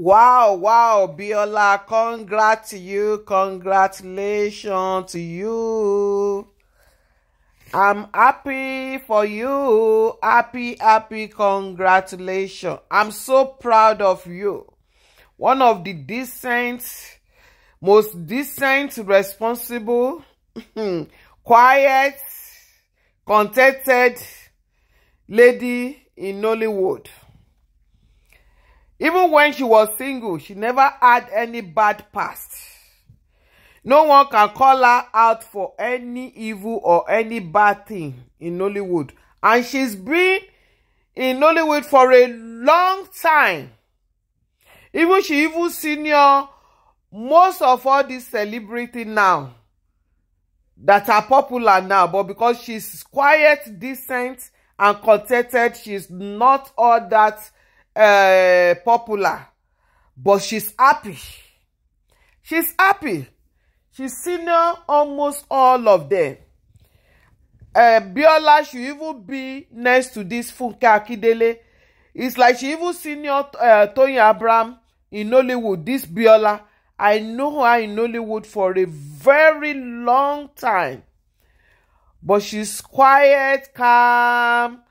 Wow, wow, Biola, congrats to you, congratulations to you. I'm happy for you, happy, happy, congratulations. I'm so proud of you. One of the decent, most decent, responsible, quiet, contented lady in Nollywood. Even when she was single, she never had any bad past. No one can call her out for any evil or any bad thing in Nollywood. And she's been in Nollywood for a long time. Even she even senior most of all these celebrities now that are popular now, but because she's quiet, decent, and contented, she's not all that uh, popular but she's happy she's happy she's senior almost all of them uh, Biola should even be next to this Funke Akindele it's like she even senior uh, eh, Tony Abraham in Nollywood this Biola I know her in Nollywood for a very long time but she's quiet calm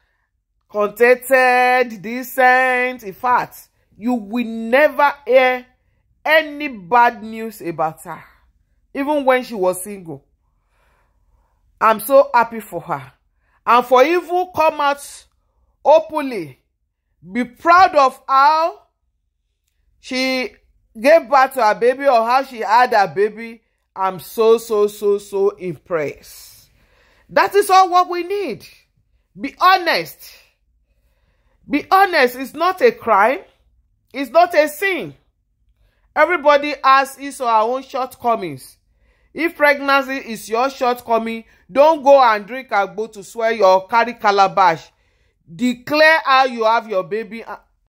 contented, decent. In fact, you will never hear any bad news about her, even when she was single. I'm so happy for her. And for evil come out openly, be proud of how she gave birth to her baby or how she had her baby. I'm so, so, so, so impressed. That is all what we need. Be honest. Be honest, it's not a crime. It's not a sin. Everybody has his or her own shortcomings. If pregnancy is your shortcoming, don't go and drink a agbo to swear your carry calabash. Declare how you have your baby